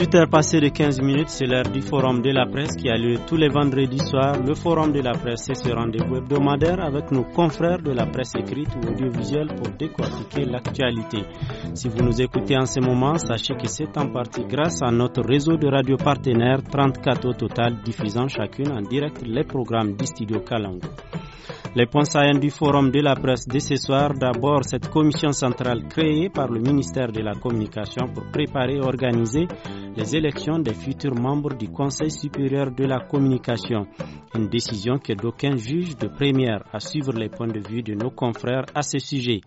18h passé de 15 minutes, c'est l'heure du Forum de la presse qui a lieu tous les vendredis soirs. Le Forum de la presse, c'est ce rendez-vous hebdomadaire avec nos confrères de la presse écrite ou audiovisuelle pour décortiquer l'actualité. Si vous nous écoutez en ce moment, sachez que c'est en partie grâce à notre réseau de radios partenaires, 34 au total, diffusant chacune en direct les programmes du studio Kalango. Les points saillants du Forum de la presse de ce soir, d'abord cette commission centrale créée par le ministère de la Communication pour préparer et organiser les élections des futurs membres du Conseil supérieur de la communication, une décision que d'aucuns jugent de première à suivre les points de vue de nos confrères à ce sujet.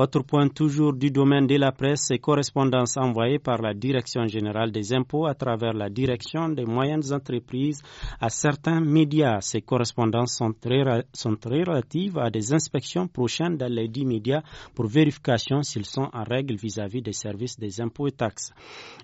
Autre point toujours du domaine de la presse, ces correspondances envoyées par la Direction générale des impôts à travers la Direction des moyennes entreprises à certains médias. Ces correspondances sont très, sont relatives à des inspections prochaines dans les dix médias pour vérification s'ils sont en règle vis-à-vis des services des impôts et taxes.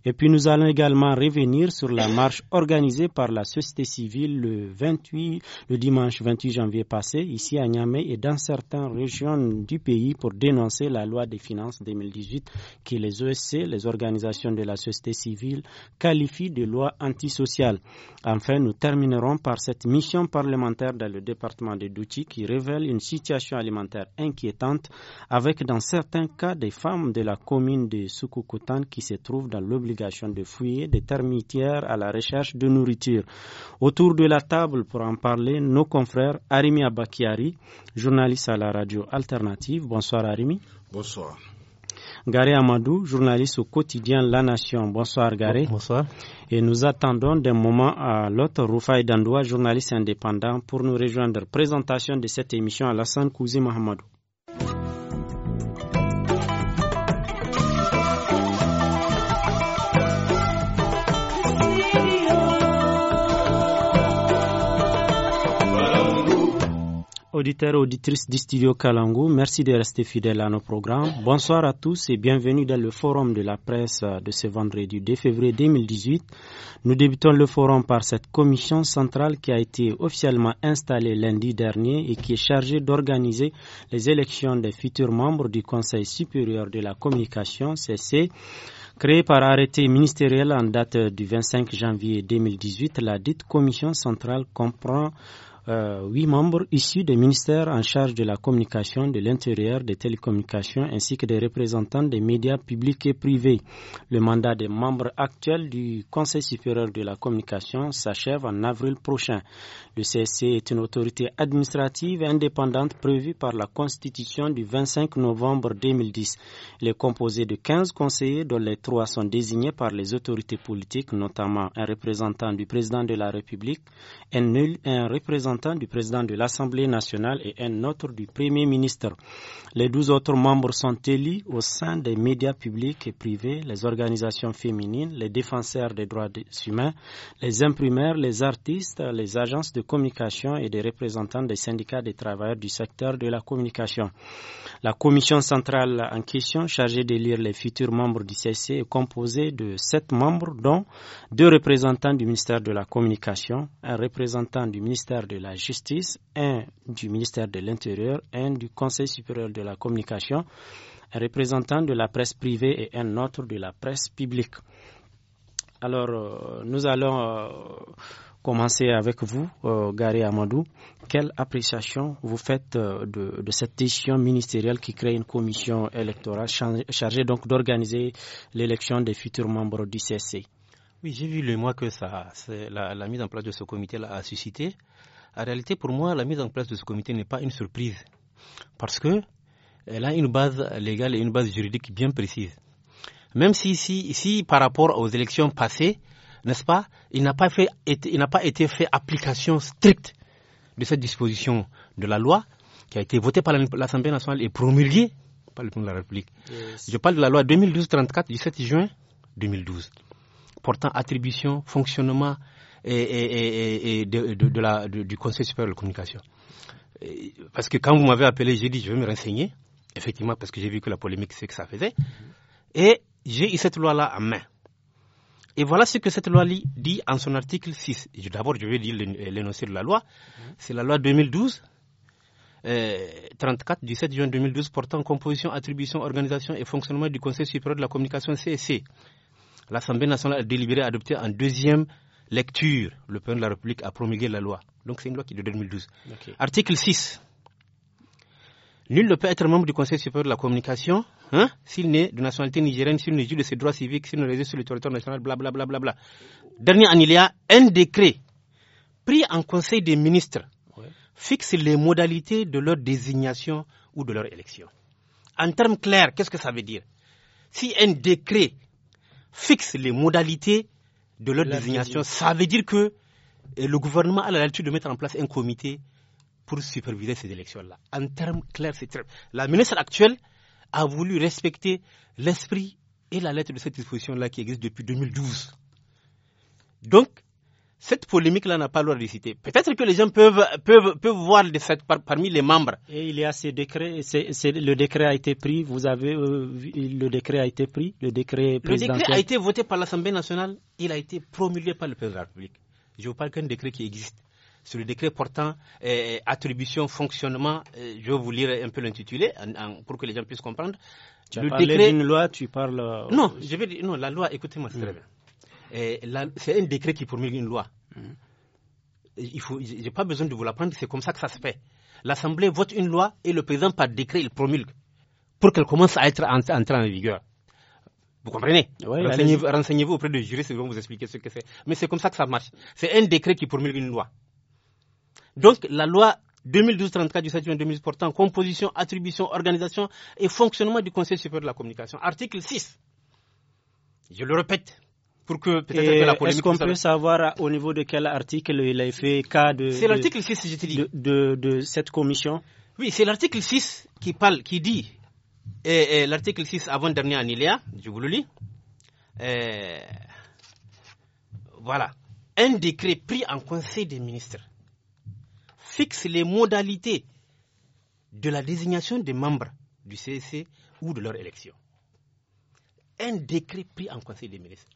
Et puis nous allons également revenir sur la marche organisée par la société civile le 28, le dimanche 28 janvier passé ici à Niamey et dans certaines régions du pays pour dénoncer la loi des finances 2018 qui les OSC, e les organisations de la société civile, qualifient de loi antisociale. Enfin, nous terminerons par cette mission parlementaire dans le département de Douti qui révèle une situation alimentaire inquiétante avec dans certains cas des femmes de la commune de Soukoukoutan qui se trouvent dans l'obligation de fouiller des termitières à la recherche de nourriture. Autour de la table pour en parler, nos confrères Arimi Abakiari, journaliste à la radio alternative. Bonsoir Arimi. Bonsoir. Garé Amadou, journaliste au quotidien La Nation. Bonsoir Garé. Oh, bonsoir. Et nous attendons d'un moment à l'autre Roufaï Dandoua, journaliste indépendant, pour nous rejoindre. Présentation de cette émission à sainte Cousin Mahamadou. auditeurs, et auditrices du studio Kalangou, merci de rester fidèles à nos programmes. Bonsoir à tous et bienvenue dans le forum de la presse de ce vendredi 2 février 2018. Nous débutons le forum par cette commission centrale qui a été officiellement installée lundi dernier et qui est chargée d'organiser les élections des futurs membres du Conseil supérieur de la communication, CC. créé par arrêté ministériel en date du 25 janvier 2018, la dite commission centrale comprend euh, huit membres issus des ministères en charge de la communication, de l'intérieur, des télécommunications ainsi que des représentants des médias publics et privés. Le mandat des membres actuels du Conseil supérieur de la communication s'achève en avril prochain. Le CSC est une autorité administrative indépendante prévue par la Constitution du 25 novembre 2010. Il est composé de 15 conseillers dont les trois sont désignés par les autorités politiques, notamment un représentant du président de la République, nul un représentant du président de l'Assemblée nationale et un autre du Premier ministre. Les douze autres membres sont élus au sein des médias publics et privés, les organisations féminines, les défenseurs des droits humains, les imprimeurs, les artistes, les agences de communication et des représentants des syndicats des travailleurs du secteur de la communication. La commission centrale en question, chargée d'élire les futurs membres du CC, est composée de sept membres, dont deux représentants du ministère de la Communication, un représentant du ministère de la Justice, un du ministère de l'Intérieur, un du Conseil supérieur de la communication, un représentant de la presse privée et un autre de la presse publique. Alors, euh, nous allons euh, commencer avec vous, euh, Gary Amadou. Quelle appréciation vous faites de, cette décision ministérielle qui crée une commission électorale chargée donc d'organiser l'élection des futurs membres du CSC Oui, j'ai vu le mois que ça, la, mise en place de ce comité-là a suscité. En réalité, pour moi, la mise en place de ce comité n'est pas une surprise, parce que elle a une base légale et une base juridique bien précise. Même si, si, par rapport aux élections passées, n'est-ce pas, il n'a pas, fait, il n'a pas été fait application stricte de cette disposition de la loi qui a été votée par l'Assemblée nationale et promulguée par le président de la République. Je parle de la loi 2012-34 du 7 juin 2012 portant attribution, fonctionnement, et, de, du Conseil supérieur de la communication. Parce que quand vous m'avez appelé, j'ai dit je vais me renseigner, effectivement, parce que j'ai vu que la polémique, c'est que ça faisait. Et j'ai eu cette loi-là en main. Et voilà ce que cette loi dit en son article 6. D'abord, je vais dire l'énoncé de la loi. C'est la loi 2012. 34 du 7 juin 2012 portant composition, attribution, organisation et fonctionnement du Conseil supérieur de la communication CSC. L'Assemblée nationale a délibéré adopté en deuxième lecture, le peuple de la République a promulgué la loi. Donc c'est une loi qui est de 2012. Article 6. Nul ne peut être membre du Conseil supérieur de la communication hein, s'il n'est de nationalité nigérienne, s'il ne juge de ses droits civiques, s'il ne réside sur le territoire national, blablabla. Bla, Dernier an il y a un décret pris en Conseil des ministres fixe les modalités de leur désignation ou de leur élection. En termes clairs, qu'est-ce que ça veut dire Si un décret fixe les modalités de leur désignation. Ça veut dire que euh, le gouvernement a l'habitude de mettre en place un comité pour superviser ces élections-là. En termes clairs, c'est très... La ministre actuelle a voulu respecter l'esprit et la lettre de cette disposition-là qui existe depuis 2012. Donc, cette polémique-là n'a pas l'heure de citer. Peut-être que les gens peuvent, peuvent, peuvent voir de fait parmi les membres. Et il y a ces décrets, c'est le décret a été pris, vous avez, euh, le décret a été pris, le décret présidentiel. Le décret a été voté par l'Assemblée nationale, il a été promulgué par le président de la République. Je vous parle qu'un décret qui existe. Sur le décret portant euh, attribution, fonctionnement, euh, je vais vous lire un peu l'intitulé pour que les gens puissent comprendre. Tu le d'une loi, tu parles. Euh, non, je vais dire, non, la loi, écoutez-moi, c'est hmm. très bien. Eh, c'est un décret qui promulgue une loi. Hmm. Il faut, j'ai pas besoin de vous l'apprendre, c'est comme ça que ça se fait. L'Assemblée vote une loi et le président, par décret, il promulgue pour qu'elle commence à être entrée en, vigueur. Vous comprenez Renseignez-vous auprès des juristes, ils vont vous expliquer ce que c'est. Mais c'est comme ça que ça marche. C'est un décret qui promulgue une loi. Donc, la loi 2012-34 du 7 juin 2000 portant composition, attribution, organisation et fonctionnement du Conseil supérieur de la communication. Article 6. Je le répète, est-ce qu'on peut savoir au niveau de quel article il a fait cas de. De, cette commission Oui, c'est l'article 6 qui parle, qui dit. Et, l'article 6, avant-dernier en je vous le lis. voilà. Un décret pris en Conseil des ministres fixe les modalités de la désignation des membres du CEC ou de leur élection. Un décret pris en Conseil des ministres.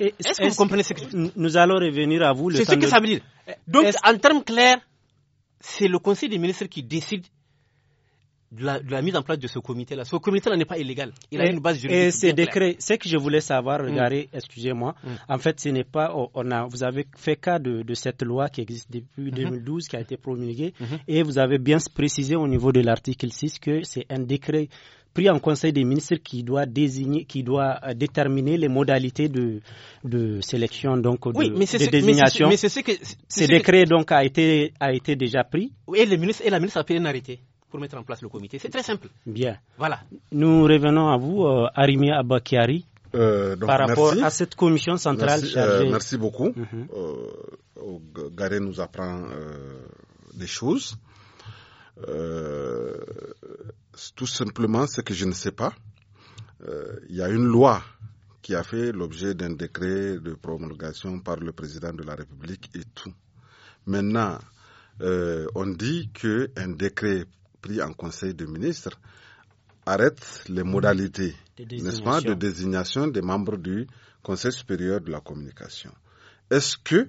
Est-ce que vous comprenez ce que nous allons revenir à vous C'est ce que ça veut dire. Donc, en termes clairs, c'est le Conseil des ministres qui décide de la, mise en place de ce comité-là. Ce comité-là n'est pas illégal. Il a une base juridique. Et ces décrets, ce que je voulais savoir, regardez, mm. excusez-moi, mm. en fait, ce n'est pas. Oh, on a, vous avez fait cas de, cette loi qui existe depuis 2012, mm-hmm. qui a été promulguée, mm-hmm. et vous avez bien précisé au niveau de l'article 6 que c'est un décret pris en Conseil des ministres qui doit désigner, qui doit euh, déterminer les modalités de, de sélection, donc de, oui, mais désignation. c'est ce que décret donc a été a été déjà pris. et, le ministre, et la ministre a pris un arrêté pour mettre en place le comité. C'est très simple. Bien. Voilà. Nous revenons à vous, euh, Arimia Abakari, euh, par rapport à cette commission centrale merci, chargée. merci beaucoup. Mm Garé nous apprend des choses. Euh, tout simplement ce que je ne sais pas. Euh, il y a une loi qui a fait l'objet d'un décret de promulgation par le président de la République et tout. Maintenant, euh, on dit qu'un décret pris en Conseil de ministres arrête les modalités, n'est-ce pas, de désignation des membres du Conseil supérieur de la communication. Est-ce que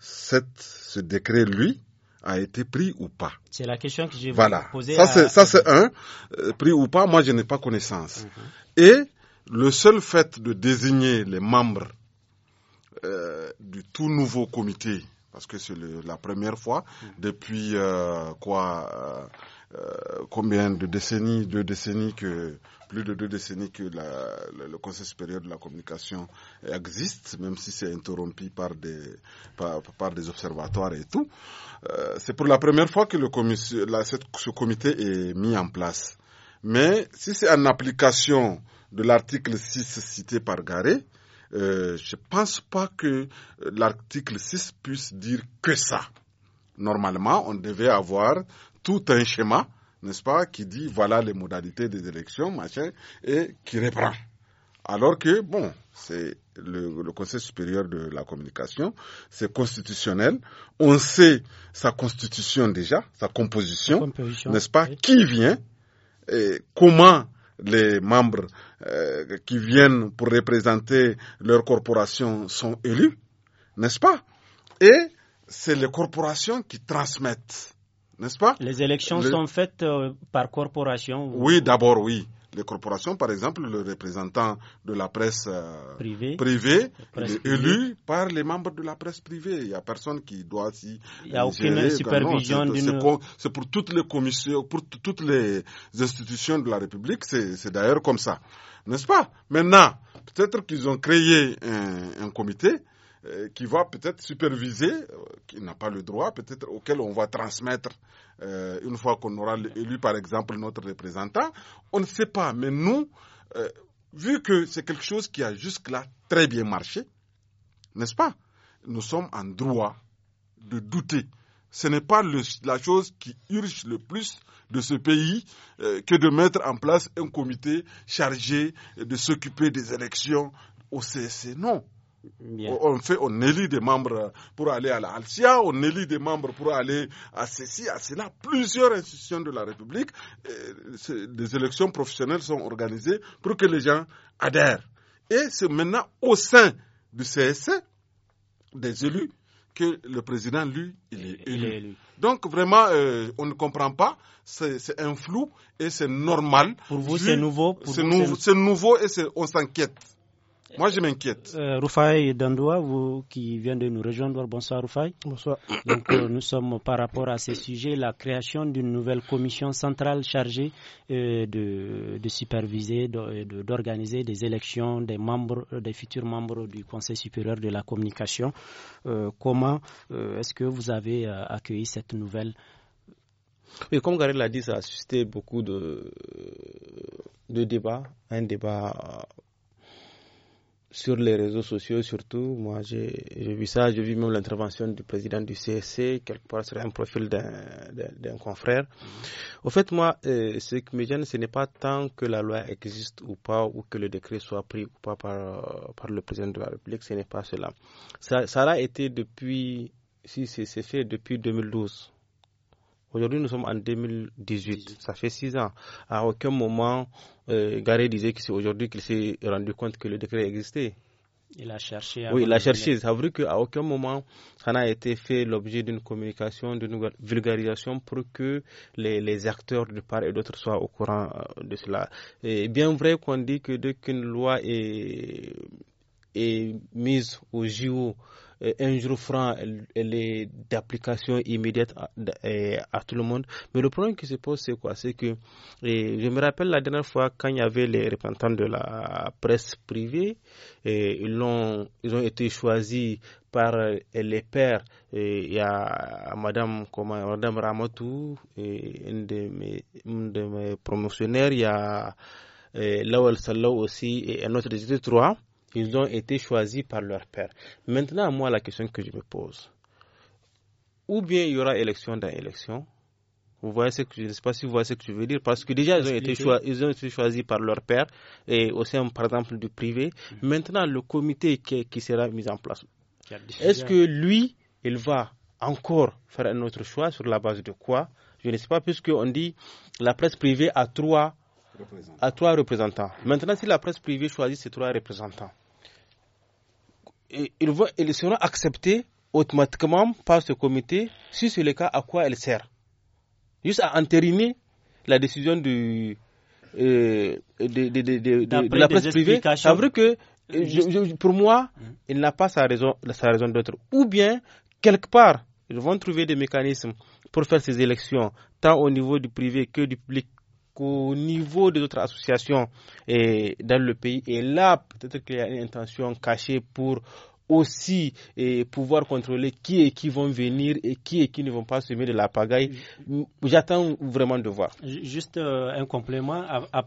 cette, ce décret, lui, a été pris ou pas. C'est la question que je vais voilà. poser. Ça, c'est un. Euh, pris ou pas, moi, je n'ai pas connaissance. Mhm. Et le seul fait de désigner les membres euh, du tout nouveau comité, parce que c'est la première fois, mhm. depuis euh, quoi euh, combien de décennies, deux décennies que plus de deux décennies que le, Conseil supérieur de la communication existe, même si c'est interrompu par des, par, des observatoires et tout. Euh, c'est pour la première fois que le la, ce comité est mis en place. Mais si c'est en application de l'article 6 cité par Garé, euh, je ne pense pas que l'article 6 puisse dire que ça normalement, on devait avoir tout un schéma, n'est-ce pas, qui dit voilà les modalités des élections, machin, et qui reprend. Alors que, bon, c'est le, Conseil supérieur de la communication, c'est constitutionnel. On sait sa constitution déjà, sa composition, n'est-ce pas, qui vient, et comment les membres euh, qui viennent pour représenter leur corporation sont élus, n'est-ce pas Et c'est les corporations qui transmettent n'est-ce pas Les élections sont faites euh, par corporation Oui, d'abord, oui. Les corporations, par exemple, le représentant de la presse euh, privée, élu par les membres de la presse privée. Il n'y a personne qui doit s'y. Il n'y a aucune supervision C'est pour toutes les commissions, pour toutes les institutions de la République, c'est d'ailleurs comme ça. N'est-ce pas Maintenant, peut-être qu'ils ont créé un comité euh, qui va peut-être superviser, euh, qui n'a pas le droit, peut-être auquel on va transmettre euh, une fois qu'on aura élu, par exemple, notre représentant. On ne sait pas, mais nous, vu que c'est quelque chose qui a jusque-là très bien marché, n'est-ce pas Nous sommes en droit de douter. Ce n'est pas la chose qui urge le plus de ce pays que de mettre en place un comité chargé de s'occuper des élections au CSC. Non, on fait, on élit des membres pour aller à la Alcia, on élit des membres pour aller à ceci, à cela. Plusieurs institutions de la République, euh, des élections professionnelles sont organisées pour que les gens adhèrent. Et c'est maintenant au sein du CSC, e des élus, que le président, lui, il est, élu. Donc, vraiment, euh, on ne comprend pas. C'est un flou et c'est normal. Pour vous, c'est nouveau. C'est nouveau, nouveau et on s'inquiète. Moi, je m'inquiète. Euh, Rufai Dandoua, vous qui vient de nous rejoindre, bonsoir Rufai. Bonsoir. Donc, euh, nous sommes par rapport à ces sujets, la création d'une nouvelle commission centrale chargée euh, de, de, superviser, d'organiser des élections des membres, des futurs membres du Conseil supérieur de la communication. comment est-ce que vous avez accueilli cette nouvelle oui, comme Garel l'a dit, ça a suscité beaucoup de, de débats. Un débat sur les réseaux sociaux surtout. Moi, j'ai vu ça, j'ai vu même l'intervention du président du CSC, quelque part sur un profil d'un confrère. Mm-hmm. Au fait, moi, euh, ce qui me gêne, ce n'est pas tant que la loi existe ou pas, ou que le décret soit pris ou pas par, euh, par le président de la République, ce n'est pas cela. Ça, ça a été depuis, si c'est fait depuis 2012. Aujourd'hui, nous sommes en 2018. Ça fait six ans. À aucun moment, euh, Garé disait qu'aujourd'hui, aujourd'hui qu'il s'est rendu compte que le décret existait. Il a cherché. Oui, il a cherché. Ça veut dire qu'à aucun moment, ça n'a été fait l'objet d'une communication, d'une vulgarisation pour que les, acteurs de part et d'autre soient au courant euh, de cela. Et bien vrai qu'on dit que dès qu'une loi est, est mise au jour... Euh, un jour franc, elle, est d'application immédiate euh, à, tout le monde. Mais le problème qui se pose, c'est quoi C'est que, euh, je me rappelle la dernière fois, quand il y avait les représentants de la presse privée, et ils, ont, ils ont été choisis par les pères. Il y a Madame, comment, Madame Ramatou, et une, de mes, promotionnaires, il y a. Lawal Salo aussi et un autre des trois ils ont été choisis par leur père. Maintenant, moi, la question que je me pose, ou bien il y aura élection dans élection, vous voyez ce que je ne sais pas si vous voyez ce que je veux dire parce que déjà ils ont, été ils ont été choisis par leur père et au sein par exemple du privé. Hmm. Maintenant le comité qui, sera mis en place. Est-ce que lui il va encore faire un autre choix sur la base de quoi Je ne sais pas puisque on dit la presse privée a trois à trois représentants. Maintenant, si la presse privée choisit ces trois représentants, ils, vont, seront acceptés automatiquement par ce comité si c'est le cas à quoi elle sert. Juste à entériner la décision du, euh, de, la presse privée. Ça veut que euh, pour moi, mmh. il n'a pas sa raison, sa raison d'être. Ou bien, quelque part, ils vont trouver des mécanismes pour faire ces élections, tant au niveau du privé que du public, au niveau des autres associations et eh, dans le pays. Et là, peut-être qu'il y a une intention cachée pour aussi et pouvoir contrôler qui et qui vont venir et qui et qui ne vont pas semer de la pagaille. J'attends vraiment de voir. Juste euh, un complément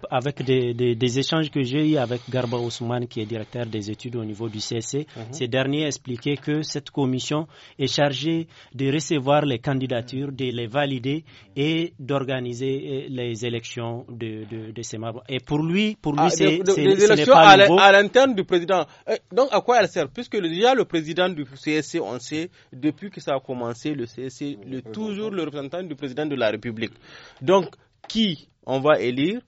avec des, échanges que j'ai eu avec Garba Ousmane qui est directeur des études au niveau du CSC. E, mhm. Ces derniers expliquaient que cette commission est chargée de recevoir les candidatures, de les valider et d'organiser euh, les élections de, de, ces membres. Et pour lui, pour lui, ah, c'est les élections à l'interne du président. Euh, donc à quoi elle sert puisque le déjà le président du CSC, on sait, depuis que ça a commencé, le CSC, le, toujours le représentant du président de la République. Donc, qui on va élire,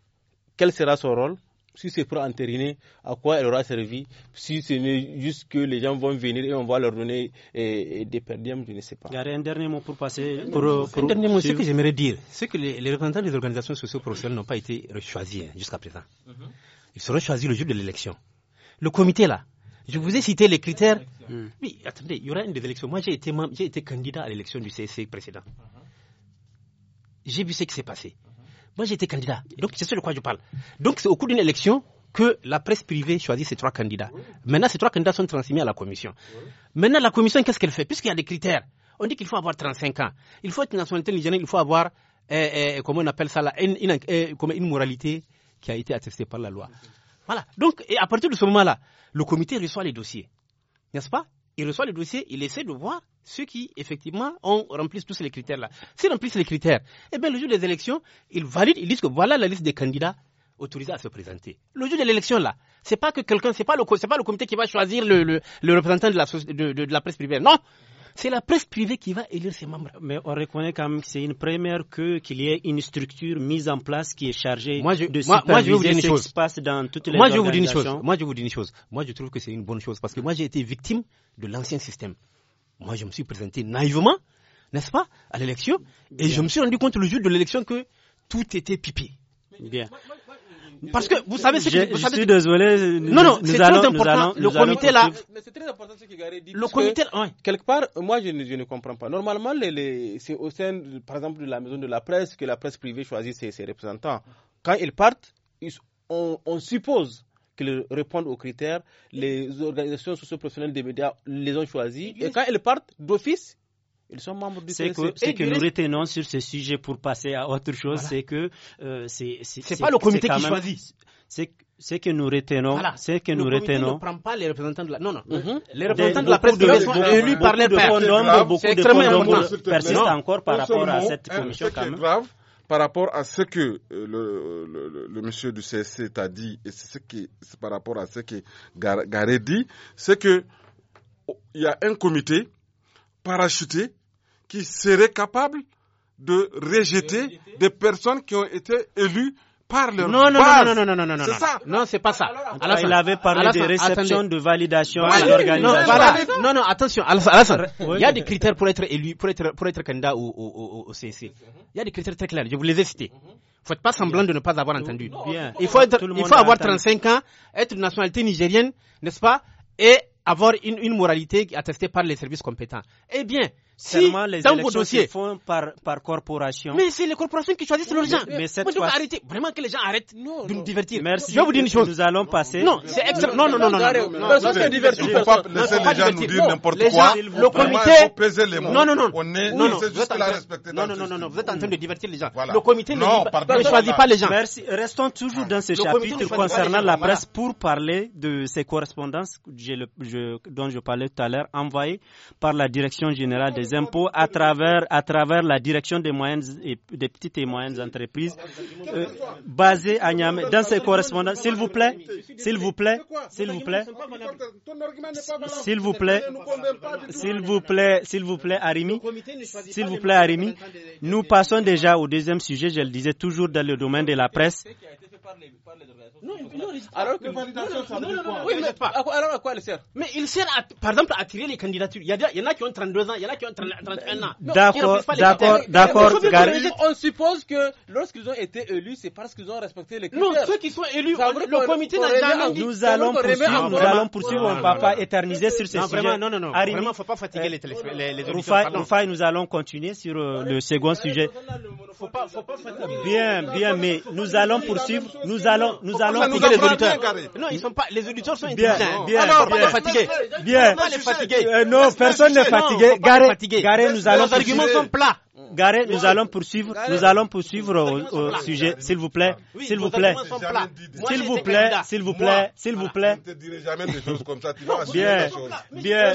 quel sera son rôle, si c'est pour entériner, à quoi elle aura servi, si ce n'est juste que les gens vont venir et on va leur donner eh, eh, des perdièmes, je ne sais pas. Il un dernier mot pour passer. Euh, un dernier mot, ce que j'aimerais dire, c'est que les, représentants des organisations socio-professionnelles n'ont pas été choisis hein, jusqu'à présent. Mhm. Ils seront choisis le jour de l'élection. Le comité là, je vous ai cité les critères. Oui, mm. attendez, il y aura une des élections. Moi, j'ai été, candidat à l'élection du CSC précédent. Uh-huh. J'ai vu ce qui s'est passé. Moi, j'étais candidat. Donc, c'est ce de quoi je parle. Donc, c'est au cours d'une élection que la presse privée choisit ces trois candidats. Maintenant, ces trois candidats sont transmis à la commission. Maintenant, la commission, qu'est-ce qu'elle fait Puisqu'il y a des critères. On dit qu'il faut avoir 35 ans. Il faut être nationalité Il faut avoir, euh, euh, comment on appelle ça là, euh, une, moralité qui a été attestée par la loi. Voilà. Donc, et à partir de ce moment-là, le comité reçoit les dossiers. N'est-ce pas Il reçoit les dossiers, il essaie de voir ceux qui, effectivement, ont, rempli tous les critères-là. S'ils remplissent les critères, eh bien, le jour des élections, ils valident, ils disent que voilà la liste des candidats autorisés à se présenter. Le jour de l'élection, là, c'est pas que quelqu'un, c'est pas, le, comité qui va choisir le, représentant de la, de la presse privée. Non c'est la presse privée qui va élire ses membres. Mais on reconnaît quand même que c'est une première que qu'il y ait une structure mise en place qui est chargée de ce qui se passe dans toutes les moi, je vous dis une chose. Moi, je vous dis une chose. Moi, je trouve que c'est une bonne chose parce que moi, j'ai été victime de l'ancien système. Moi, je me suis présenté naïvement, n'est-ce pas, à l'élection et je me suis rendu compte le jour de l'élection que tout était pipi. Parce que vous savez ce que je, vous savez je suis désolé. non, non, c'est très important. le comité là. Mais c'est très important ce qu'Igaré dit. Le comité, que, quelque part, moi je ne, comprends pas. Normalement, les, c'est au sein, par exemple, de la maison de la presse que la presse privée choisit ses, ses représentants. Quand ils partent, on, suppose qu'ils répondent aux critères. Les organisations socioprofessionnelles des médias les ont choisis. Et quand ils partent d'office, ils sont membres du Que, ce que nous retenons sur ce sujet pour passer à autre chose, c'est que euh, c'est. C'est pas le comité qui choisit. C'est que nous retenons, voilà. c'est que le nous retenons. ne prend pas les représentants de la. Non, non. Mhm. Euh, les représentants de, de la presse de, sont élus par les pairs. Beaucoup de condoms persistent encore par rapport à cette commission. C'est grave par rapport à ce que euh, le, le, monsieur du CSC t'a dit, et c'est ce qui, par rapport à ce que Garé dit, c'est que oh, il y a un comité parachuté qui serait capable de rejeter des personnes qui ont été élues par leur non, non, base. Non, non, non, non, non, non, c'est ça. Non, c'est pas ça. Alors, il avait parlé de réception, de validation, Non, non, non, attention, il y a des critères pour être élu, pour être, pour être candidat au, au, au, CC. Mhm. Il y a des critères très clairs, je vous les ai cités. faut mhm. faites pas semblant de ne pas avoir entendu. Bien. Il faut il faut avoir 35 ans, être de nationalité nigérienne, n'est-ce pas, et avoir une moralité attestée par les services compétents. Eh bien, si Seulement les dans élections font par, par corporation. Mais c'est les corporations qui choisissent leurs gens. Mais, mais cette fois... arrêter. Vraiment que les gens arrêtent de nous divertir. Merci. Je vais vous dire une chose. Nous allons passer. Non, c'est Non, non, non, non. Personne ne divertit. Il ne faut pas laisser les gens nous dire n'importe quoi. Le comité. Non, non, non. On est. Non, non. Non, non, non, non. Vous êtes en train de divertir les gens. Le comité ne choisit pas les gens. Merci. Restons toujours dans ce chapitre concernant la presse pour parler de ces correspondances dont je parlais tout à l'heure envoyées par la direction générale des impôts à travers, à travers la direction des, moyennes et, des petites et moyennes entreprises euh, basées à Niamey. Dans ces correspondances, s'il vous plaît, s'il vous plaît, s'il vous plaît, s'il vous plaît, s'il vous plaît, s'il vous plaît, Arimi, s'il vous plaît, Arimi, nous passons déjà au deuxième sujet, je le disais toujours dans le domaine de la presse alors que. Validation, ça non, oui, mais alors à quoi elle sert Mais il sert, par exemple, à attirer les candidatures. Il y, en a qui ont 32 ans, il y en a qui ont 31 ans. Bah, d'accord, d'accord, d'accord, On suppose que lorsqu'ils ont été élus, c'est parce qu'ils ont respecté les critères. Non, ceux qui sont élus, le comité n'a jamais Nous allons poursuivre, on ne ah, va pas éterniser sur ce sujet. Vraiment, non, non, non. Vraiment, il ne faut pas fatiguer euh, les Enfin, nous allons continuer sur euh, le second sujet. Bien, bien, mais nous allons poursuivre nous allons, nous allons les auditeurs. Non, ils sont pas, les auditeurs sont Bien, bien, ah fatigués. Bien. Euh, non, personne n'est fatigué. Garé, nous allons. Nos arguments sont plats. Mm. Garé, nous allons poursuivre, nous allons poursuivre au, sujet, s'il vous plaît, s'il vous plaît, s'il vous plaît, s'il vous plaît, s'il vous plaît. Bien, bien.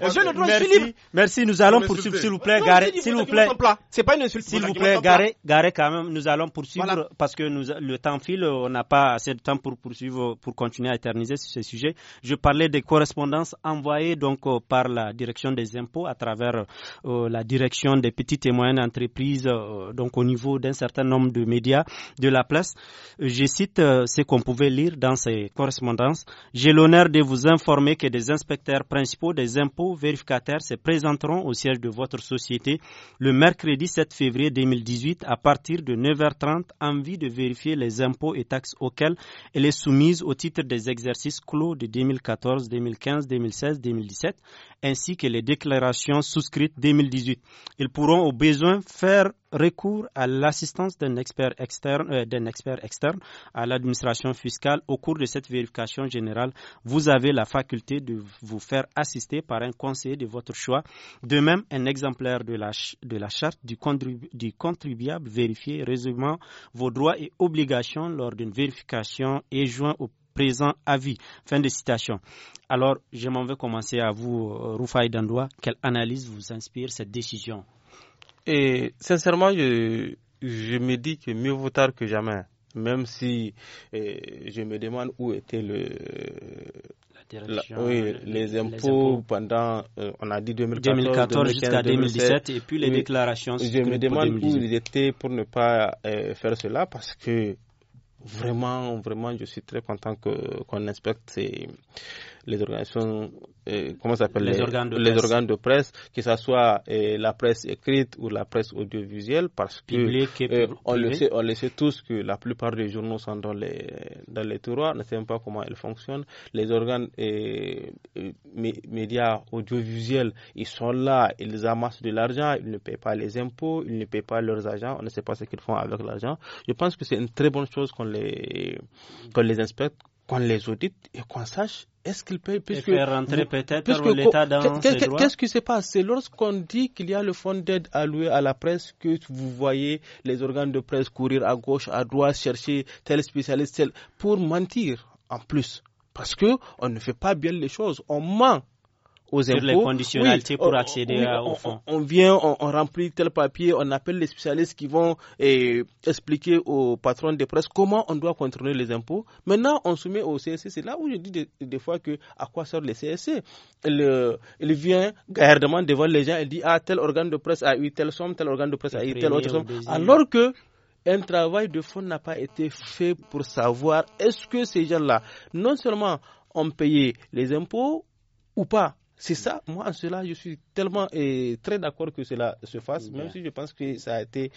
Merci, merci. Nous allons poursuivre, s'il vous plaît, Garé, s'il vous plaît. C'est pas une insulte. S'il vous plaît, Garé, Garé, quand même, nous allons poursuivre parce que le temps file. On n'a pas assez de temps pour poursuivre, pour continuer à éterniser sur ce sujet. Je parlais des correspondances envoyées donc euh, par la direction des impôts à travers euh, la direction des petites petites et moyennes euh, donc au niveau d'un certain nombre de médias de la place. Je cite euh, ce qu'on pouvait lire dans ces correspondances. J'ai l'honneur de vous informer que des inspecteurs principaux des impôts vérificateurs se présenteront au siège de votre société le mercredi 7 février 2018 à partir de 9h30 en vue de vérifier les impôts et taxes auxquels elle est soumise au titre des exercices clos de 2014, 2015, 2016, 2017 ainsi que les déclarations souscrites 2018. Ils pourront au besoin faire recours à l'assistance d'un expert externe, euh, d'un expert externe à l'administration fiscale au cours de cette vérification générale. Vous avez la faculté de vous faire assister par un conseiller de votre choix. De même, un exemplaire de la, de la charte du, du contribuable vérifié résumant vos droits et obligations lors d'une vérification est joint au présent à vie. Fin de citation. Alors, je m'en vais commencer à vous, euh, Roufaï Dandoua. Quelle analyse vous inspire cette décision Et sincèrement, je, me dis que mieux vaut tard que jamais. Même si euh, je me demande où était le, les, impôts pendant, euh, on a dit 2014, jusqu'à 2017, et puis les déclarations. Je me demande où ils étaient pour ne pas faire cela parce que vraiment, vraiment, je suis très content qu'on inspecte ces, les organisations, euh, comment les, organes, de presse. que ce soit euh, la presse écrite ou la presse audiovisuelle, parce que euh, on, le sait, on le tous que la plupart des journaux sont dans les, dans les tiroirs, ne savent pas comment ils fonctionnent. Les organes et, médias audiovisuels, ils sont là, ils amassent de l'argent, ils ne payent pas les impôts, ils ne payent pas leurs agents, on ne sait pas ce qu'ils font avec l'argent. Je pense que c'est une très bonne chose qu'on les, qu'on les inspecte qu'on les audite et qu'on sache est-ce qu'il peut, puisque, rentrer peut-être l'État dans Qu'est-ce qui se passe C'est lorsqu'on dit qu'il y a le fonds d'aide alloué à la presse que vous voyez les organes de presse courir à gauche, à droite, chercher tel spécialiste, tel, pour mentir en plus. Parce que on ne fait pas bien les choses, on ment aux impôts. oui, pour accéder On, vient, on, remplit tel papier, on appelle les spécialistes qui vont eh, expliquer aux patrons de presse comment on doit contrôler les impôts. Maintenant, on soumet au CSC. E. C'est là où je dis des, fois que à quoi sort le CSC il, e? il vient gaillardement devant les gens, il dit Ah, tel organe de presse a eu telle somme, tel organe de presse a eu telle autre somme. Alors que un travail de fond n'a pas été fait pour savoir est-ce que ces gens-là, non seulement ont payé les impôts ou pas, c'est ça, moi, en cela, je suis tellement très d'accord que cela se fasse, même si je pense que ça a été,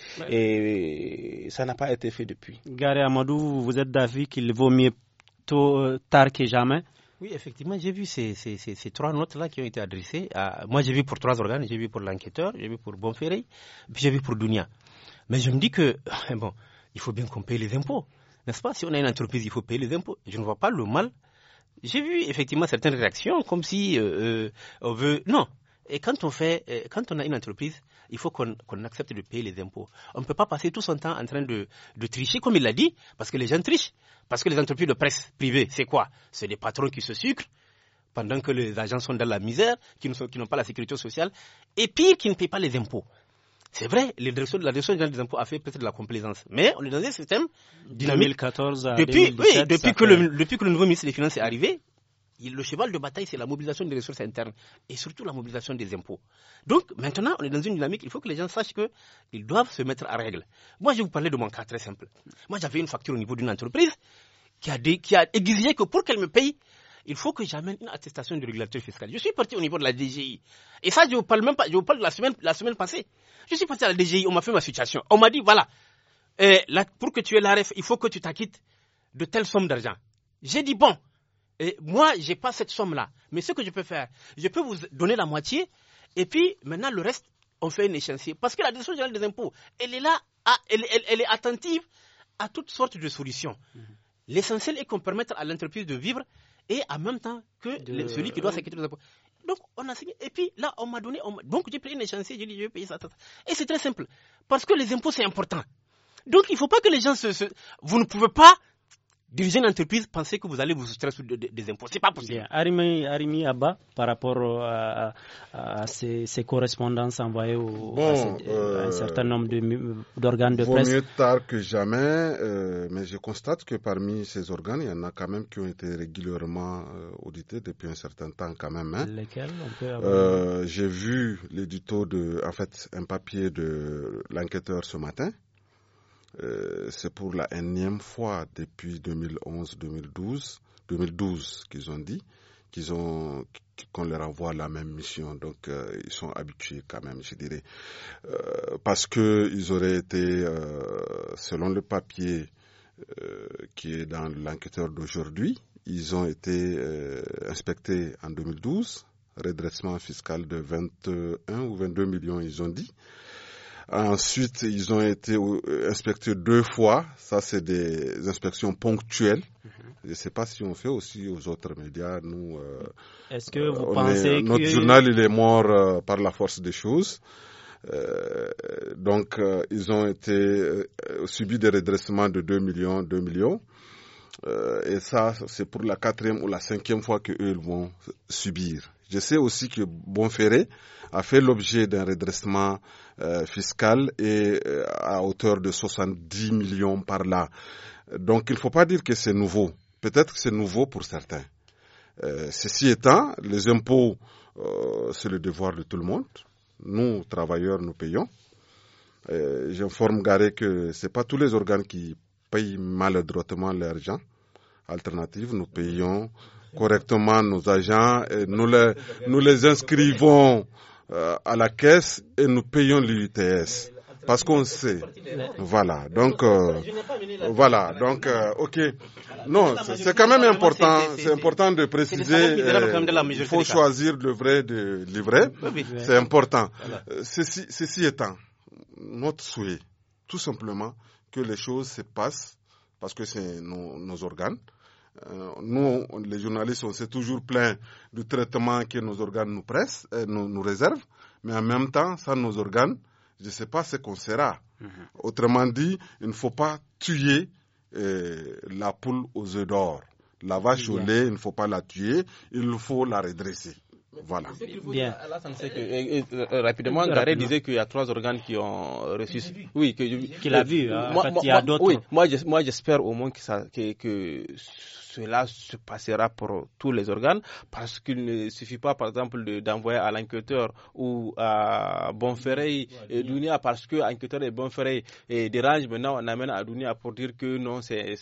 ça n'a pas été fait depuis. Gary Amadou, vous êtes d'avis qu'il vaut mieux tôt, euh, tard que jamais oui, effectivement, j'ai vu ces, trois notes-là qui ont été adressées. À... Moi, j'ai vu pour trois organes, j'ai vu pour l'enquêteur, j'ai vu pour Bonferré, puis j'ai vu pour Dunia. Mais je me dis que, bon, il faut bien qu'on paye les impôts, n'est-ce pas Si on a une entreprise, il faut payer les impôts. Je ne vois pas le mal j'ai vu effectivement certaines réactions comme si euh, euh, on veut. Non. Et quand on fait, euh, quand on a une entreprise, il faut qu'on accepte de payer les impôts. On ne peut pas passer tout son temps en train de, tricher, comme il l'a dit, parce que les gens trichent. Parce que les entreprises de presse privée, c'est quoi C'est les patrons qui se sucrent, pendant que les agents sont dans la misère, qui n'ont pas la sécurité sociale, et pire, qui ne payent pas les impôts. C'est vrai, la direction, la des impôts a fait peut-être de la complaisance, mais on est dans un système dynamique. depuis, que le, nouveau ministre des Finances est arrivé, le cheval de bataille, c'est la mobilisation des ressources internes et surtout la mobilisation des impôts. Donc, maintenant, on est dans une dynamique, il faut que les gens sachent qu'ils doivent se mettre à règle. Moi, je vais vous parler de mon cas très simple. Moi, j'avais une facture au niveau d'une entreprise qui a, qui a exigé que pour qu'elle me paye, il faut que j'amène une attestation du régulateur fiscal. Je suis parti au niveau de la DGI. Et ça, je vous parle même pas, je vous parle de la semaine, la semaine passée. Je suis parti à la DGI, on m'a fait ma situation. On m'a dit, voilà, euh, pour que tu aies l'ARF, il faut que tu t'acquittes de telle somme d'argent. J'ai dit, bon, euh, moi, je n'ai pas cette somme-là. Mais ce que je peux faire, je peux vous donner la moitié, et puis maintenant, le reste, on fait une échéancier. Parce que la direction générale des impôts, elle est là, elle, est attentive à toutes sortes de solutions. Mhm. L'essentiel est qu'on permette à l'entreprise de vivre et en même temps que celui qui doit s'acquitter des impôts. Donc, on a signé. Et puis, là, on m'a donné. On donc, j'ai pris une échéancier, j'ai dit, je vais payer ça, ça, ça. Et c'est très simple. Parce que les impôts, c'est important. Donc, il ne faut pas que les gens se... Vous ne pouvez pas diriger une entreprise, pensez que vous allez vous soustraire sur des impôts. C'est pas possible. Arimi, Arimi Abba, par rapport euh, à, ces, ces, correspondances envoyées au, à, euh, un euh, certain nombre d'organes de, presse. Vaut mieux tard que jamais, mais je constate que parmi ces organes, il y en a quand même qui ont été régulièrement audités depuis un certain temps quand même. Hein. Lesquels euh, J'ai vu l'édito de, en fait, un papier de l'enquêteur ce matin. Euh, c'est pour la énième fois depuis 2011-2012, 2012 qu'ils ont dit qu'ils ont qu'on leur envoie la même mission. Donc euh, ils sont habitués quand même, je dirais, euh, parce que ils auraient été, selon le papier qui est dans l'enquêteur d'aujourd'hui, ils ont été inspectés en 2012, redressement fiscal de 21 ou 22 millions, ils ont dit. Ensuite, ils ont été euh, inspectés deux fois. Ça, c'est des inspections ponctuelles. Mhm. Je ne sais pas si on fait aussi aux autres médias. Nous, euh, euh, est pensez que notre journal il est mort par la force des choses Donc, ils ont été subis des redressements de 2 millions, 2 millions. et ça, c'est pour la quatrième ou la cinquième fois que eux vont subir. Je sais aussi que Bonferré a fait l'objet d'un redressement euh, fiscal et euh, à hauteur de 70 millions par là. Donc il ne faut pas dire que c'est nouveau. Peut-être que c'est nouveau pour certains. Euh, ceci étant, les impôts, c'est le devoir de tout le monde. Nous, travailleurs, nous payons. J'informe Garé que ce n'est pas tous les organes qui payent maladroitement l'argent. Alternative, nous payons correctement nos agents, et nous, les, nous les inscrivons euh, à la caisse et nous payons l'UTS parce qu'on sait. Voilà, donc, euh, voilà, donc, euh, ok. Non, c'est quand même important, c'est important de préciser, il faut choisir le vrai de l'ivraie, c'est important. Ceci, ceci étant, notre souhait, tout simplement, que les choses se passent, parce que c'est nos organes, euh, nous, les journalistes, on s'est toujours plaint du traitement que nos organes nous pressent, euh, nous, réservent, mais en même temps, sans nos organes, je ne sais pas ce qu'on sera. Mhm. Autrement dit, il ne faut pas tuer euh, la poule aux œufs d'or. La vache au lait, il ne faut pas la tuer, il faut la redresser. Voilà. Bien. rapidement, Garé disait qu'il y a trois organes qui ont reçu. Oui, qu'il a vu. moi, d'autres. moi, j'espère au moins que, ça, que cela se passera pour tous les organes parce qu'il ne suffit pas, par exemple, d'envoyer à l'enquêteur ou à Bonferré et Dunia parce que l'enquêteur et Bonferré dérange. Maintenant, on amène à Dunia pour dire que non, c'est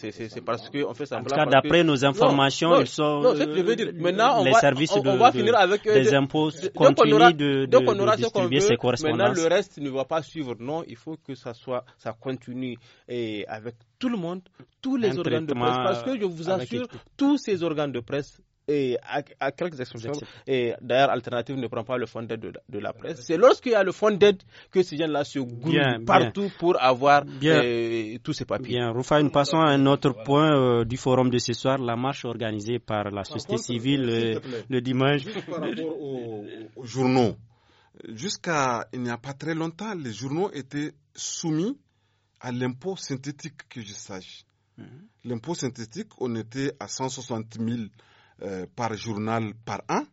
parce qu'on fait semblant. En tout cas, d'après nos informations, ils sont. Maintenant, les services de, finir avec euh, Des impôts continuent de, donc on aura ce qu'on Maintenant, le reste ne va pas suivre. Non, il faut que ça soit, ça continue et avec tout le monde, tous les organes de presse, parce que je vous assure, tous ces organes de presse et à, quelques exceptions. Et d'ailleurs, Alternative ne prend pas le fond d'aide de, la presse. C'est lorsqu'il y a le fond d'aide que ces gens-là se groupent partout pour avoir euh, tous ces papiers. Bien, nous passons à un autre point euh, du forum de ce soir, la marche organisée par la société civile euh, le dimanche. par rapport aux journaux, jusqu'à il n'y a pas très longtemps, les journaux étaient soumis à l'impôt synthétique que je sache. Hein? L'impôt synthétique, on était à 160 000 euh, par journal par an.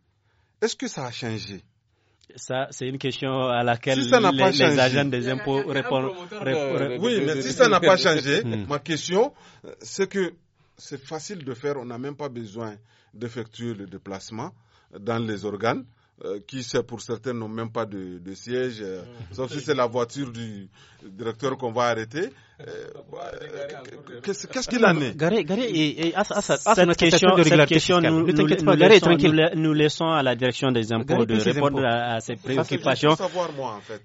Est-ce que ça a changé ça, c'est une question à laquelle les, agents des impôts répondent. oui, mais si ça n'a pas changé, hmm. ma question, euh, c'est que c'est facile de faire, on n'a même pas besoin d'effectuer le déplacement dans les organes. Euh, qui qui pour certains n'ont même pas de, siège, euh, mm. sauf si c'est la voiture du directeur qu'on va arrêter. Euh, qu'est-ce qu'il en est Garé, Garé, cette, question, question nous, laissons, à la direction des impôts de répondre à, ces préoccupations. Ça, savoir, moi, en fait.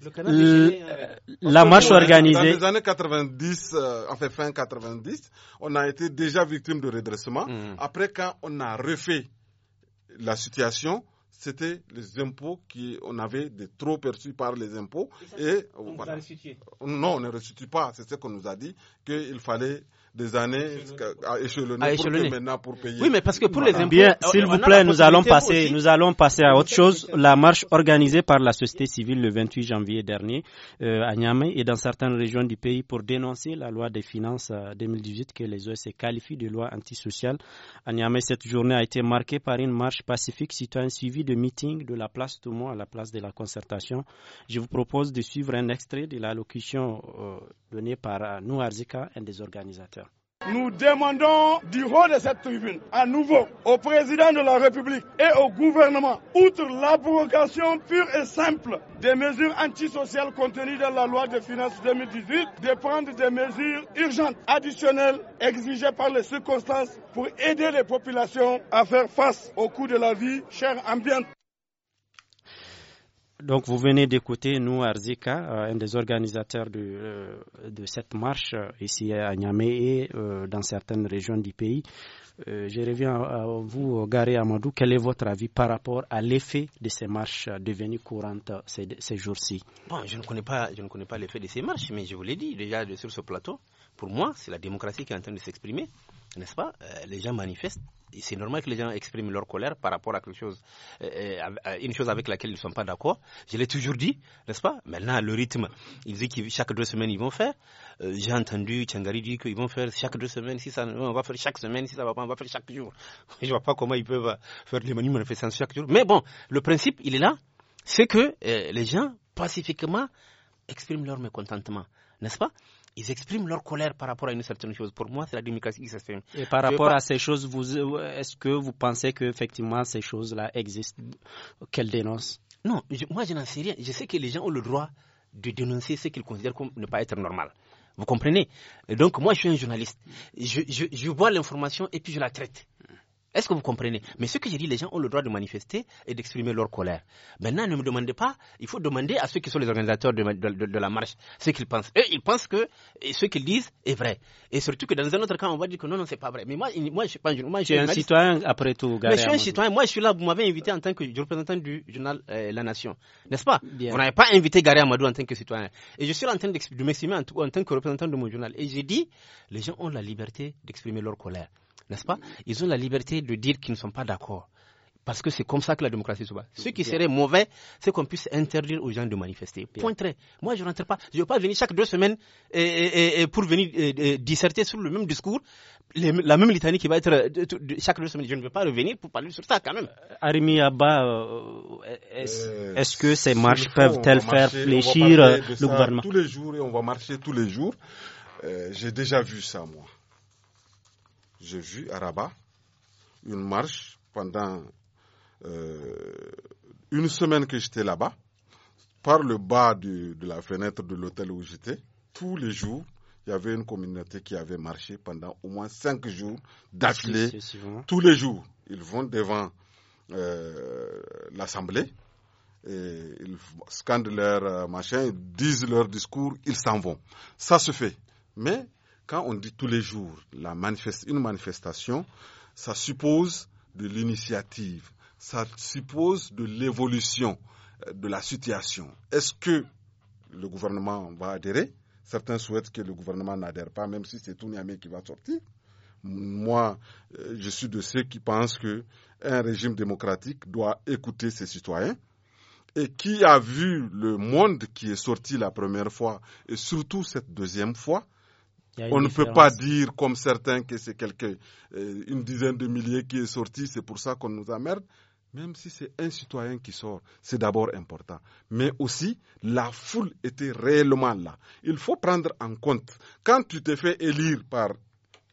la marche organisée. Dans les années 90, enfin fin 90, on a été déjà victime de redressement. Mm. Après, quand on a refait la situation, c'était les impôts qu'on avait de trop perçus par les impôts. Et, on Non, on ne restitue pas. C'est ce qu'on nous a dit, qu'il fallait des années à échelonner, maintenant pour payer. Oui, mais parce que pour les impôts, bien, euh, s'il vous plaît, nous allons passer, nous allons passer à autre chose. La marche organisée par la société civile le 28 janvier dernier euh, à Niamey et dans certaines régions du pays pour dénoncer la loi des finances 2018 euh, que les OSC qualifient de loi antisociale. À Niamey, cette journée a été marquée par une marche pacifique citoyenne suivie de meetings de la place monde à la place de la concertation. Je vous propose de suivre un extrait de l'allocution euh, donnée par Nouarzika, un des organisateurs. Nous demandons du haut de cette tribune, à nouveau, au président de la République et au gouvernement, outre l'abrogation pure et simple des mesures antisociales contenues dans la loi de finances 2018, de prendre des mesures urgentes, additionnelles, exigées par les circonstances pour aider les populations à faire face au coût de la vie chère ambiante. Donc, vous venez d'écouter, nous, Arzika, euh, un des organisateurs de, euh, cette marche euh, ici à Niamey et dans certaines régions du pays. Je reviens à vous, Gary Amadou. Quel est votre avis par rapport à l'effet de ces marches devenues courantes ces, jours-ci Bon, je ne connais pas, je ne connais pas l'effet de ces marches, mais je vous l'ai dit déjà sur ce plateau. Pour moi, c'est la démocratie qui est en train de s'exprimer, n'est-ce pas Les gens manifestent c'est normal que les gens expriment leur colère par rapport à quelque chose, euh, euh, une chose avec laquelle ils ne sont pas d'accord. Je l'ai toujours dit, n'est-ce pas Maintenant, le rythme, ils disent que chaque deux semaines, ils vont faire. Euh, j'ai entendu Tchangari dire qu'ils vont faire chaque deux semaines, si ça on va faire chaque semaine, si ça va pas, on va faire chaque jour. Je ne vois pas comment ils peuvent faire des manifestations chaque jour. Mais bon, le principe, il est là, c'est que les gens, pacifiquement, expriment leur mécontentement, n'est-ce pas ils expriment leur colère par rapport à une certaine chose. Pour moi, c'est la démocratie qui s'exprime. Et par rapport à ces choses, euh, est-ce que vous pensez qu'effectivement ces choses-là existent, qu'elles dénoncent non, moi je n'en sais rien. Je sais que les gens ont le droit de dénoncer ce qu'ils considèrent comme ne pas être normal. Vous comprenez Donc moi je suis un journaliste. Je, je vois l'information et puis je la traite. Est-ce que vous comprenez Mais ce que j'ai dit, les gens ont le droit de manifester et d'exprimer leur colère. Maintenant, ne me demandez pas, il faut demander à ceux qui sont les organisateurs de, la marche ce qu'ils pensent. Eux, ils pensent que ce qu'ils disent est vrai. Et surtout que dans un autre cas, on va dire que non, non, c'est pas vrai. Mais moi, moi je suis un citoyen, après tout. Gary. mais je suis un citoyen. Moi, je suis là, vous m'avez invité en tant que représentant du journal euh, La Nation. N'est-ce pas Vous n'avez pas invité Gary Amadou en tant que citoyen. Et je suis là en train de m'exprimer en, en tant que représentant de mon journal. Et j'ai dit, les gens ont la liberté d'exprimer leur colère n'est-ce pas Ils ont la liberté de dire qu'ils ne sont pas d'accord. Parce que c'est comme ça que la démocratie se bat. Ce qui serait mauvais, c'est qu'on puisse interdire aux gens de manifester. Point très. Moi, je ne rentre pas. Je ne veux pas venir chaque deux semaines et, pour venir euh, euh, disserter sur le même discours, la même litanie qui va être euh, chaque deux semaines. Je ne veux pas revenir pour parler sur ça quand même. Arimi Abba, est-ce que ces marches peuvent-elles faire fléchir le gouvernement Tous les jours et on va marcher tous les jours. J'ai déjà vu ça, moi j'ai vu à Rabat une marche pendant euh, une semaine que j'étais là-bas, par le bas de, la fenêtre de l'hôtel où j'étais, tous les jours, il y avait une communauté qui avait marché pendant au moins cinq jours d'affilée. Tous les jours, ils vont devant euh, l'Assemblée, et ils scandent leur euh, machin, ils disent leur discours, ils s'en vont. Ça se fait. Mais quand on dit tous les jours la une manifestation, ça suppose de l'initiative, ça suppose de l'évolution euh, de la situation. Est-ce que le gouvernement va adhérer Certains souhaitent que le gouvernement n'adhère pas, même si c'est tout qui va sortir. Moi, euh, je suis de ceux qui pensent que un régime démocratique doit écouter ses citoyens. Et qui a vu le monde qui est sorti la première fois et surtout cette deuxième fois, on ne peut pas dire, comme certains, que c'est quelqu'un, euh, une dizaine de milliers qui est sorti, c'est pour ça qu'on nous emmerde. Même si c'est un citoyen qui sort, c'est d'abord important. Mais aussi, la foule était réellement là. Il faut prendre en compte, quand tu te fais élire par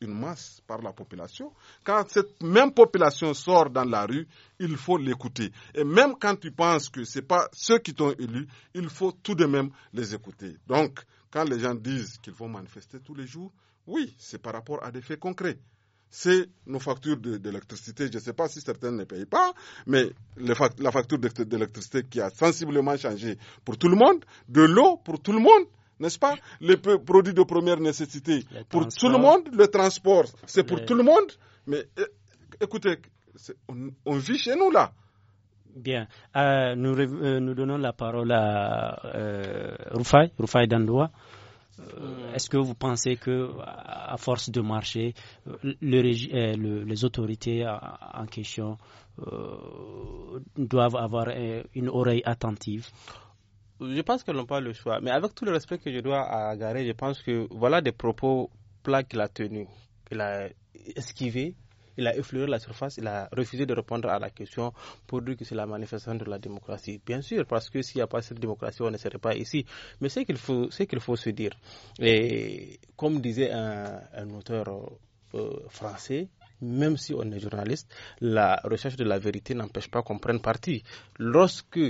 une masse par la population. Quand cette même population sort dans la rue, il faut l'écouter. Et même quand tu penses que ce n'est pas ceux qui t'ont élu, il faut tout de même les écouter. Donc, quand les gens disent qu'ils vont manifester tous les jours, oui, c'est par rapport à des faits concrets c'est nos factures d'électricité. Je ne sais pas si certains ne payent pas, mais la facture d'électricité qui a sensiblement changé pour tout le monde, de l'eau pour tout le monde n'est-ce pas Les produits de première nécessité. pour tout le monde, le transport, c'est pour tout le monde. Mais écoutez, on, vit chez nous là. Bien. Euh, euh, nous, donnons la parole à euh, Rufai, Rufai Dandoua. Euh, est-ce que vous pensez que, à force de marcher, les autorités en question doivent avoir une oreille attentive je pense qu'elles n'ont pas le choix. Mais avec tout le respect que je dois à Garé, je pense que voilà des propos plats qu'il a tenus, qu'il a esquivé, il a effleuré la surface, il a refusé de répondre à la question pour dire que c'est la manifestation de la démocratie. Bien sûr, parce que s'il n'y a pas cette démocratie, on ne serait pas ici. Mais c'est qu'il faut, c'est qu'il faut se dire. Et comme disait un, auteur euh, français, même si on est journaliste, la recherche de la vérité n'empêche pas qu'on prenne parti. Lorsque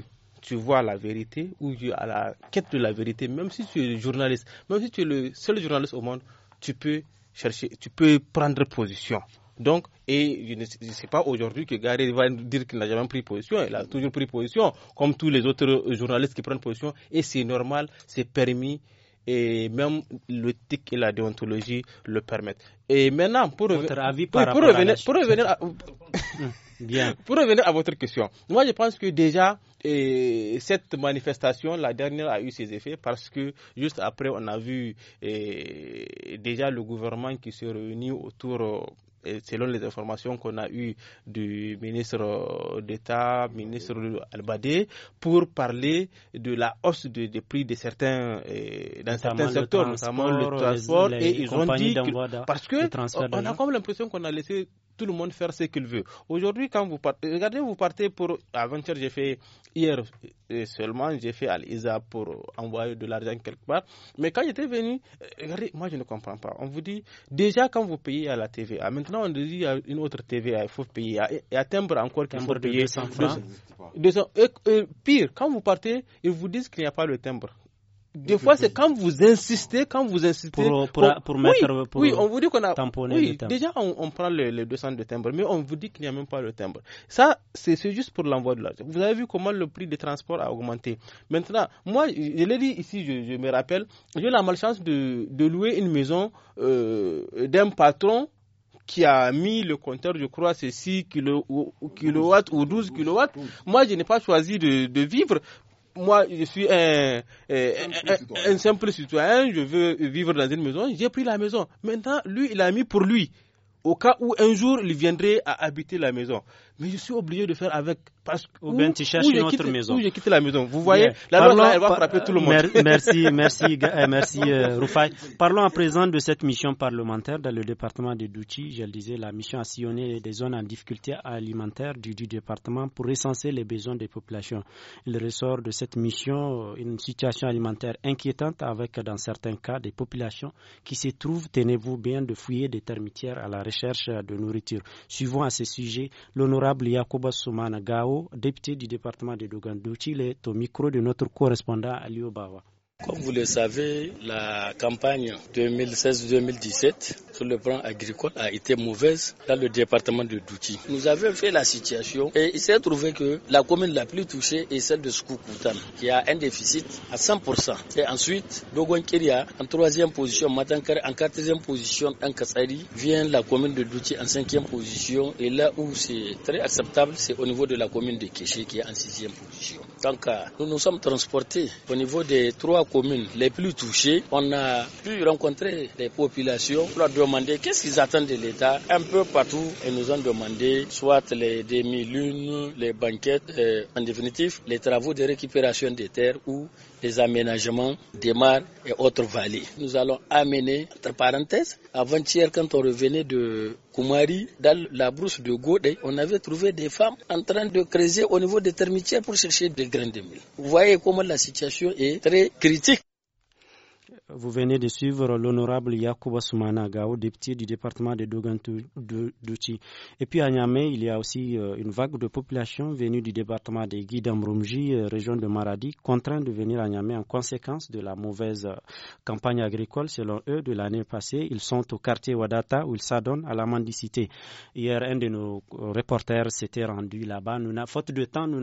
tu vois la vérité ou à la quête de la vérité, même si tu es journaliste, même si tu es le seul journaliste au monde, tu peux chercher, tu peux prendre position. Donc, et je ne sais, pas aujourd'hui que Gary va dire qu'il n'a jamais pris position. Il a toujours pris position, comme tous les autres journalistes qui prennent position. Et c'est normal, c'est permis. Et même l'éthique et la déontologie le permettent. Et maintenant, pour, revenir, pour, revenir, pour revenir à... Pour revenir à votre question, moi je pense que déjà euh, cette manifestation, la dernière, a eu ses effets parce que juste après, on a vu euh, déjà le gouvernement qui se réunit autour euh, selon les informations qu'on a eues du ministre d'État, ministre Albadé, pour parler de la hausse des prix de certains, dans certains secteurs, notamment le transport. et ils ont dit, que, parce que on a comme l'impression qu'on a laissé tout le monde faire ce qu'il veut. Aujourd'hui, quand vous partez, regardez, vous partez pour, avant j'ai fait, hier euh, seulement, j'ai fait à l'ISA pour envoyer de l'argent quelque part. Mais quand j'étais venu, euh, regardez, moi je ne comprends pas. On vous dit, déjà quand vous payez à la TVA, maintenant on dit, à y a une autre TVA, il faut payer. Il y a timbre encore qui faut payer. 200 francs. Euh, pire, quand vous partez, ils vous disent qu'il n'y a pas le timbre. Des fois, c'est quand vous insistez, quand vous insistez. Pour, pour, pour mettre. Oui, oui, on vous dit qu'on a. oui, déjà, on, prend les 200 de timbre, mais on vous dit qu'il n'y a même pas le timbre. Ça, c'est juste pour l'envoi de l'argent. Vous avez vu comment le prix des transports a augmenté. Maintenant, moi, je l'ai dit ici, je, me rappelle, j'ai la malchance de, de, louer une maison euh, d'un patron qui a mis le compteur, je crois, c'est 6 kW ou 12 kW. Moi, je n'ai pas choisi de, de, vivre moi, je suis un, simple citoyen, je veux vivre dans une maison, j'ai pris la maison. Maintenant, lui, il a mis pour lui, au cas où un jour il viendrait habiter la maison mais je suis obligé de faire avec. Parce que, bien tu cherches une autre maison. Oui, j'ai quitté la maison. Vous voyez, la loi, elle va frapper tout le monde. merci, merci, euh, merci euh, Parlons à présent de cette mission parlementaire dans le département de Douchi. Je le disais, la mission a sillonné des zones en difficulté alimentaire du, département pour recenser les besoins des populations. Il ressort de cette mission euh, une situation alimentaire inquiétante avec, dans certains cas, des populations qui se trouvent, tenez-vous bien, de fouiller des termitières à la recherche de nourriture. Suivant à ce sujet, l'honorable l'honorable Gao, député du département de Dougandou est au micro de notre correspondant Alio Bawa. Comme vous le savez, la campagne 2016-2017 sur le plan agricole a été mauvaise dans le département de Douti. Nous avons fait la situation et il s'est trouvé que la commune la plus touchée est celle de Skoukoutan, qui a un déficit à 100%. Et ensuite, Dogonkiria, en troisième position, Matankar en quatrième position, Ankassari vient la commune de Douti en cinquième position. Et là où c'est très acceptable, c'est au niveau de la commune de Kéché qui est en sixième position. Donc, euh, nous nous sommes transportés au niveau des trois communes les plus touchées, on a pu rencontrer les populations, pour leur demander qu'est-ce qu'ils attendent de l'État un peu partout et nous ont demandé soit les demi-lunes, les banquettes, euh, en définitive les travaux de récupération des terres ou les aménagements des mares et autres vallées. Nous allons amener, entre parenthèses, avant-hier, quand on revenait de Kumari, dans la brousse de Godé, on avait trouvé des femmes en train de creuser au niveau des termitières pour chercher des grains de mil. Vous voyez comment la situation est très critique. Vous venez de suivre l'honorable Yakuba Soumana député du département de Duti. Et puis à Nyamé, il y a aussi euh, une vague de population venue du département de Guidamrumji, euh, région de Maradi, contrainte de venir à Niamey en conséquence de la mauvaise euh, campagne agricole, selon eux, de l'année passée. Ils sont au quartier Wadata où ils s'adonnent à la mendicité. Hier, un de nos reporters s'était rendu là-bas. faute de temps, nous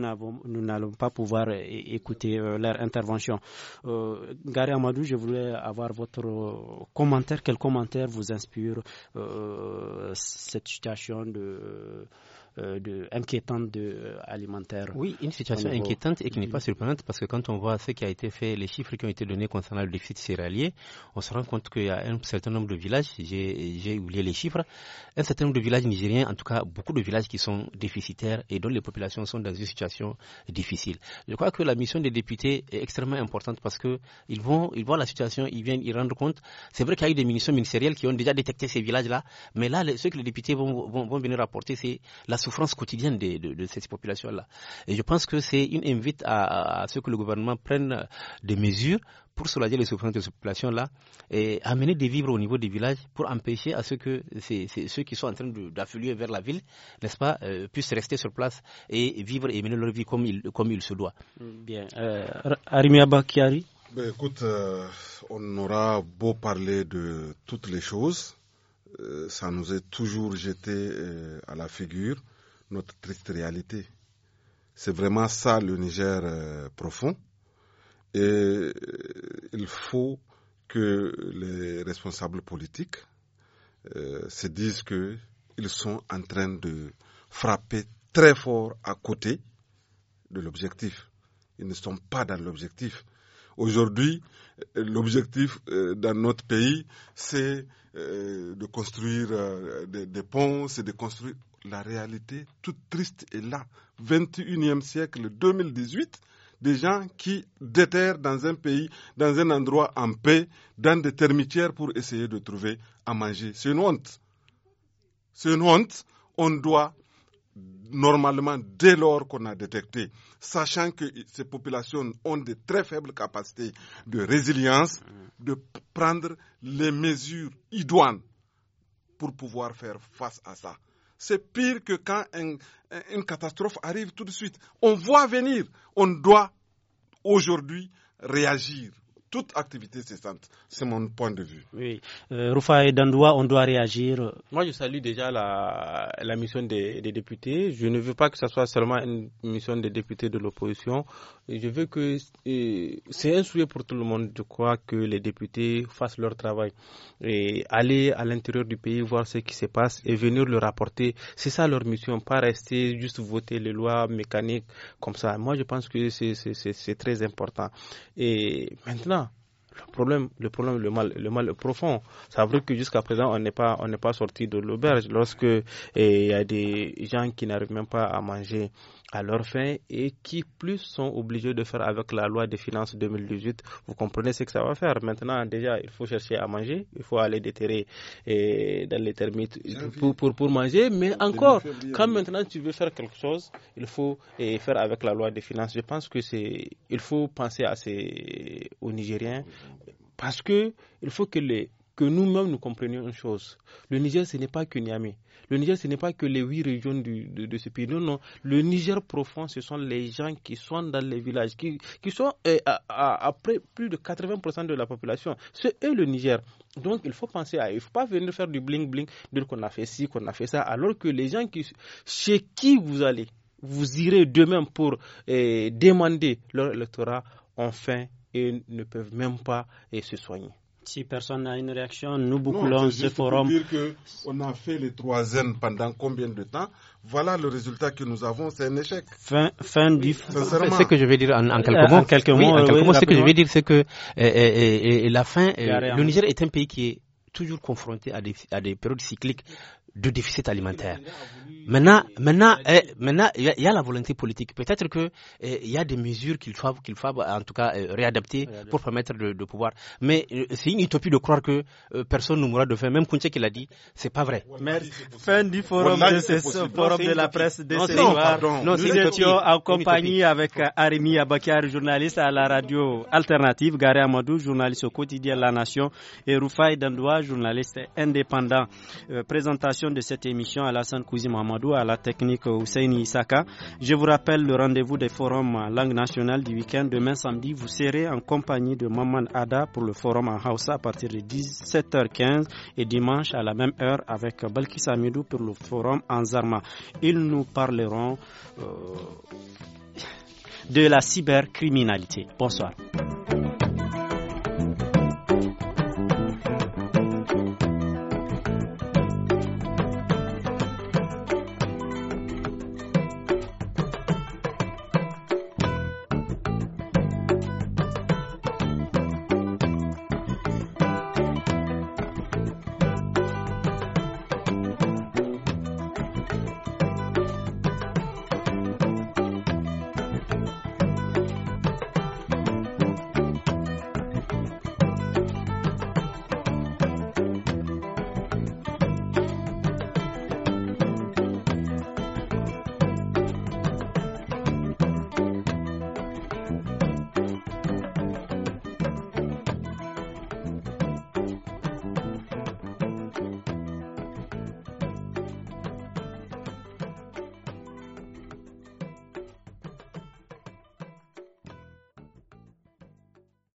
n'allons pas pouvoir écouter leur intervention. Euh, Gary Amadou, je voulais avoir votre euh, commentaire. Quel commentaire vous inspire euh, cette situation de euh, inquiétante de, euh, alimentaire. Oui, une situation inquiétante et qui n'est pas surprenante parce que quand on voit ce qui a été fait, les chiffres qui ont été donnés concernant le déficit céréalier, on se rend compte qu'il y a un certain nombre de villages, j'ai oublié les chiffres, un certain nombre de villages nigériens, en tout cas beaucoup de villages qui sont déficitaires et dont les populations sont dans une situation difficile. Je crois que la mission des députés est extrêmement importante parce qu'ils vont, ils voient la situation, ils viennent y rendre compte. C'est vrai qu'il y a eu des missions ministérielles qui ont déjà détecté ces villages-là, mais là, ce que les députés vont, venir rapporter, c'est la souveraineté quotidienne de, cette population là Et je pense que c'est une invite à, ce que le gouvernement prenne euh, des mesures pour soulager les souffrances de cette population là et amener des vivres au niveau des villages pour empêcher à ce que ceux qui sont en train d'affluer vers la ville, n'est-ce pas, euh, puissent rester sur place et vivre et mener leur vie comme il, comme il se doit. Bien. Euh, Arimia ben, Écoute, euh, on aura beau parler de toutes les choses, ça nous est toujours jeté à la figure notre triste réalité. C'est vraiment ça le Niger euh, profond. Et euh, il faut que les responsables politiques euh, se disent qu'ils sont en train de frapper très fort à côté de l'objectif. Ils ne sont pas dans l'objectif. Aujourd'hui, l'objectif dans notre pays, c'est de construire des, ponts, c'est de construire la réalité toute triste est là. 21e siècle 2018, des gens qui déterrent dans un pays, dans un endroit en paix, dans des termitières pour essayer de trouver à manger. C'est une honte. C'est une honte. On doit normalement dès lors qu'on a détecté, sachant que ces populations ont de très faibles capacités de résilience, mmh. de prendre les mesures idoines pour pouvoir faire face à ça c'est pire que quand une catastrophe arrive tout de suite. On voit venir, on doit aujourd'hui réagir toute activité C'est mon point de vue. Oui. Euh, Dandoua, on doit réagir. Moi, je salue déjà la, mission des, des, députés. Je ne veux pas que ce soit seulement une mission des députés de l'opposition. Je veux que. C'est un souhait pour tout le monde, je crois, que les députés fassent leur travail. Et aller à l'intérieur du pays, voir ce qui se passe et venir le rapporter. C'est ça leur mission, pas rester juste voter les lois mécaniques comme ça. Moi, je pense que c'est très important. Et maintenant, le problème, le problème, le mal, le mal profond. Ça veut dire que jusqu'à présent, on n'est pas, on n'est pas sorti de l'auberge. Lorsque eh, il y a des gens qui n'arrivent même pas à manger à leur fin et qui plus sont obligés de faire avec la loi des finances 2018. Vous comprenez ce que ça va faire. Maintenant, déjà, il faut chercher à manger, il faut aller déterrer et dans les termites pour, pour, pour, manger, mais encore, quand maintenant tu veux faire quelque chose, il faut faire avec la loi des finances. Je pense que c'est, il faut penser à ces, aux Nigériens parce que il faut que les que nous-mêmes nous comprenions une chose. Le Niger, ce n'est pas que Niamey. Le Niger, ce n'est pas que les huit régions de, ce pays. Non, non. Le Niger profond, ce sont les gens qui sont dans les villages, qui, sont après euh, plus de 80% de la population. C'est eux le Niger. Donc, il faut penser à. Il faut pas venir faire du bling-bling, dire qu'on a fait ci, qu'on a fait ça, alors que les gens qui, chez qui vous allez, vous irez demain pour euh, demander leur électorat, enfin, et ne peuvent même pas euh, se soigner. Si personne n'a une réaction, nous bouclons ce forum. dire on a fait les trois N pendant combien de temps Voilà le résultat que nous avons, c'est un échec. Fin, du. Sincèrement. Ce que je vais dire en, euh, quelques mots. quelques euh, que je vais dire, c'est que euh, la fin. le Niger est un pays qui est toujours confronté à des, à des périodes cycliques de déficit alimentaire. Maintenant, maintenant, eh, maintenant, il y, a la volonté politique. Peut-être que eh, il y a des mesures qu'il faut, qu'il faut, en tout cas, eh, réadapter pour permettre de, pouvoir. Mais euh, c'est une utopie de croire que euh, personne ne mourra de faim. Même Kounche qui l'a dit, c'est pas vrai. Merci. Fin du forum de, la presse de Nous étions accompagnés avec euh, Arimi Abakar, journaliste à la radio alternative, Gary Amadou, journaliste au quotidien La Nation, et Rufai Dandoua, journaliste indépendant. présentation de cette émission à la Sainte-Cousine Mamadou à la technique Hussein Isaka. Je vous rappelle le rendez-vous des forums langue nationale du week-end. Demain samedi, vous serez en compagnie de Maman Ada pour le forum en Hausa à partir de 17h15 et dimanche à la même heure avec Balkis Amidou pour le forum en Zarma. Ils nous parleront euh, de la cybercriminalité. Bonsoir.